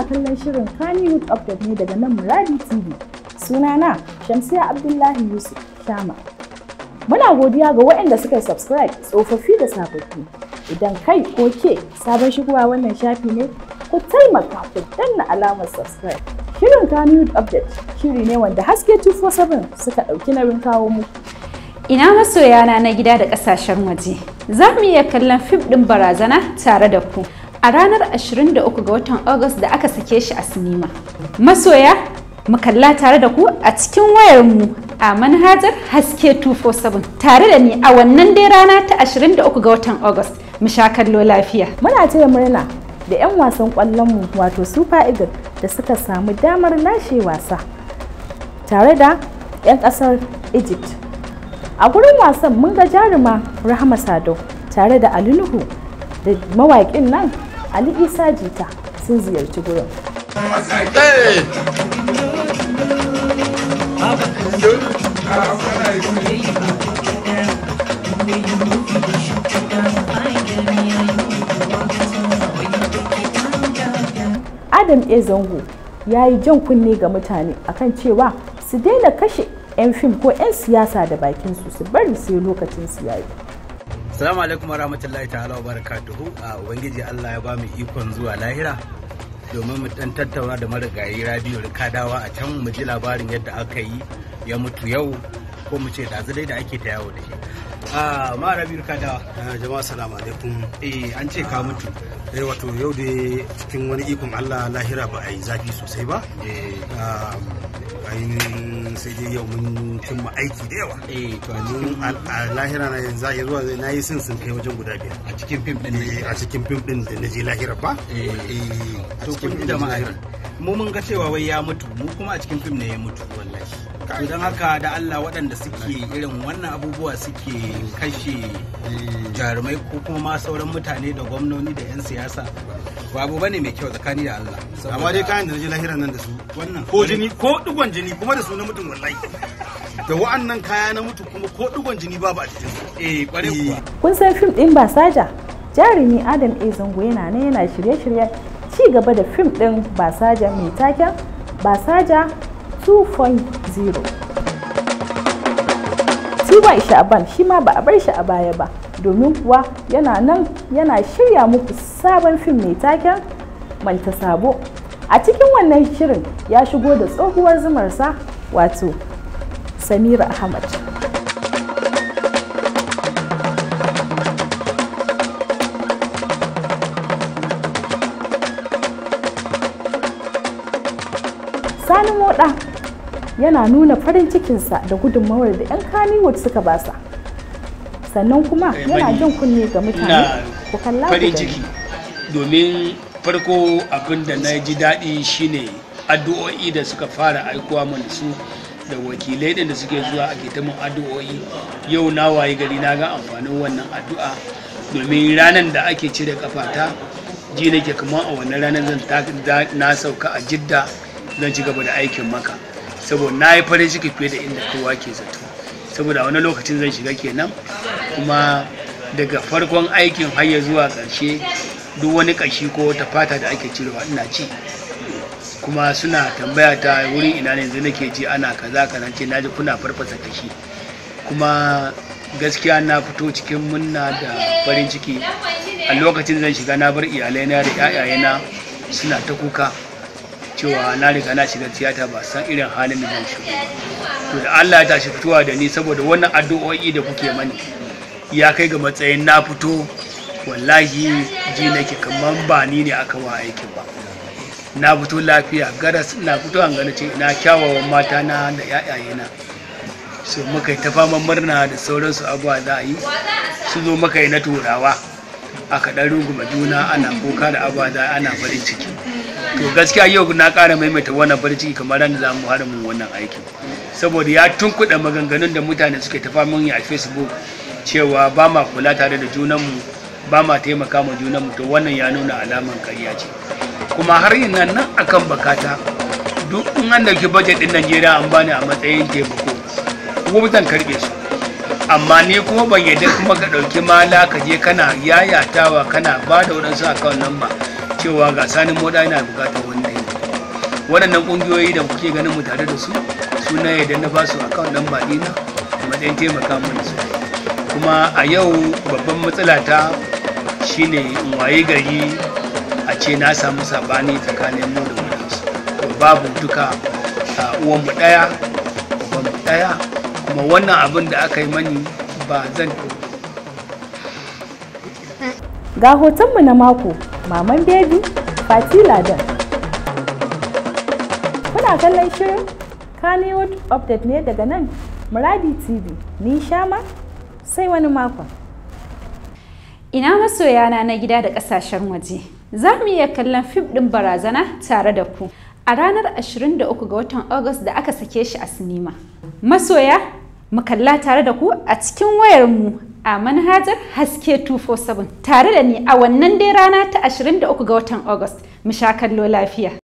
kuna kallon shirin Hood Update ne daga nan Muradi TV. Sunana Shamsiya Abdullahi Yusuf Shama. Muna godiya ga waɗanda suka yi subscribe tsofaffi da sababbi. Idan kai ko ke sabon shigowa wannan shafi ne, ku taimaka ku danna alamar subscribe. Shirin Hood Update shiri ne wanda haske 247 suka ɗauki nauyin kawo muku. Ina masoyana na gida da ƙasashen waje, za mu iya kallon fim ɗin barazana tare da ku. a ranar 23 ga watan August da aka sake shi a sinima. Masoya, mu kalla tare da ku a cikin wayar mu a manhajar haske 247 tare da ni a wannan dai rana ta 23 ga watan August mu sha kallo lafiya. Muna taya murna da 'yan wasan mu wato Super Eagles da suka samu damar lashe wasa tare da 'yan ƙasar Egypt. A gurin wasan mun ga jaruma Rahama sado tare da Alinuhu da mawaƙin nan Ali Isa Jita sun ziyarci gurin. Adam E. Zango ya yi jan kunne ga mutane akan cewa su daina kashe 'yan fim ko 'yan siyasa da bakinsu su bari sai lokacin su Salamu alaikum wa rahmatullahi ta'ala wa barakatuhu a Ubangiji Allah ya ba mu ikon zuwa lahira domin mu dan tattauna da marigayi Rabiu Rikadawa a can mu ji labarin yadda aka yi ya mutu yau ko mu ce dai da ake ta yawo da shi. a ah, mara biyu kada ah, jama'a salamu alaikum eh an ce ka mutu eh wato yau da cikin wani ikon Allah lahira ba a yi zafi sosai ba eh ah, ainihin sai dai yau mun cimma aiki da yawa eh, domin a lahira na yanzu ya zuwa na yi sin sun kai wajen guda biyar a cikin fim din eh, a cikin fim din da na je lahira ba eh. to kun da ma'aikata mu mun ga cewa wai ya mutu mu kuma a cikin fim ne ya mutu wallahi to don haka da Allah waɗanda suke irin wannan abubuwa suke kashe eh, jarumai ko kuma ma sauran mutane da gwamnoni da 'yan siyasa babu bane mai kyau tsakani da Allah amma dai kayan da naje nan da su wannan ko jini ko digon jini kuma da su na mutum wallahi da wa'annan kaya na mutu kuma ko digon jini babu a cikin eh kware eh. kuwa kun san fim din Basaja jarumi Adam A Zango yana ne yana shirye-shirye ci gaba da fim din Basaja mai taken Basaja 2.0 zero tiwai sha'aban shi ma ba a bar shi a baya ba domin kuwa yana nan yana shirya muku sabon fim mai taken manta sabo a cikin wannan shirin ya shigo da tsohuwar zumarsa wato samira ahmad sani moda yana nuna farin cikinsa da gudunmawar da 'yan kaniwood suka basa sannan kuma eh, yana jan kunne ga mutane ku kalla farin ciki domin farko abin da na ji daɗi shine addu'o'i da suka fara aikuwa mana su da wakilai ɗin da suke zuwa a ta mun addu'o'i yau na wayi gari na ga amfanin wannan addu'a domin ranar da ake cire kafata ji nake kuma a wannan ranar zan na sauka a jidda zan ci gaba da aikin maka saboda na yi farin ciki fiye da inda kowa ke zato saboda wani lokacin zan shiga kenan kuma daga farkon aikin hayya zuwa ƙarshe duk wani ƙashi ko wata fata da ake cirewa ina ci kuma suna tambaya ta wurin ina ne yanzu nake ji ana kaza kaza ce ji kuna farfasa kashi kuma gaskiya na fito cikin munna da farin ciki a lokacin zan shiga na bar iyalaina da 'ya'yayena suna ta kuka cewa na riga na shiga tiyata ba san irin halin da zan shigo ba. to da Allah ya tashi fitowa da ni saboda wannan addu'o'i da kuke mani ya kai ga matsayin na fito wallahi ji nake kamar ba ni ne aka wa aikin ba na fito lafiya garas na fito an gani ce ina kyawawan mata na da na su muka yi ta faman murna da sauransu abuwa za a su zo muka yi na turawa aka ɗan ruguma juna ana kuka da abuwa za ana farin ciki to gaskiya yau na ƙara maimaita wannan barci kamar ran za mu haramin wannan aiki saboda ya tunkuɗa maganganun da mutane suke tafa mun a facebook cewa ba ma kula tare da junanmu ba ma taimaka ma junanmu to wannan ya nuna alaman ƙarya ce kuma har yin nan nan akan bakata duk in an dauki budget din Najeriya an bani a matsayin taimako kuma zan karbe su amma ni kuma ban yadda kuma ka dauki mala ka je kana yayatawa kana ba da waɗansu account number cewa ga sanin moda yana bukatar wani aiki waɗannan ƙungiyoyi da kuke ganin mu tare da su suna yadda na basu akawun nan baɗina matsayin taimaka mun su kuma a yau babban matsala ta shine waye gari a ce na samu sabani tsakanin mu da wani babu duka uwanmu ɗaya uwanmu ɗaya kuma wannan abin da aka yi mani ba zan ga hotonmu na mako maman baby fati ladan kuna kallon shirin kanewood update ne daga nan muradi tv ni shama sai wani mako. ina masoya na na gida da kasashen waje za mu iya kallon fim ɗin barazana tare da ku a ranar 23 ga watan August da aka sake shi a sinima. Masoya, mu kalla tare da ku a cikin wayarmu a manhajar haske 247 tare da ni a wannan dai rana ta 23 ga watan August mu sha kallo lafiya.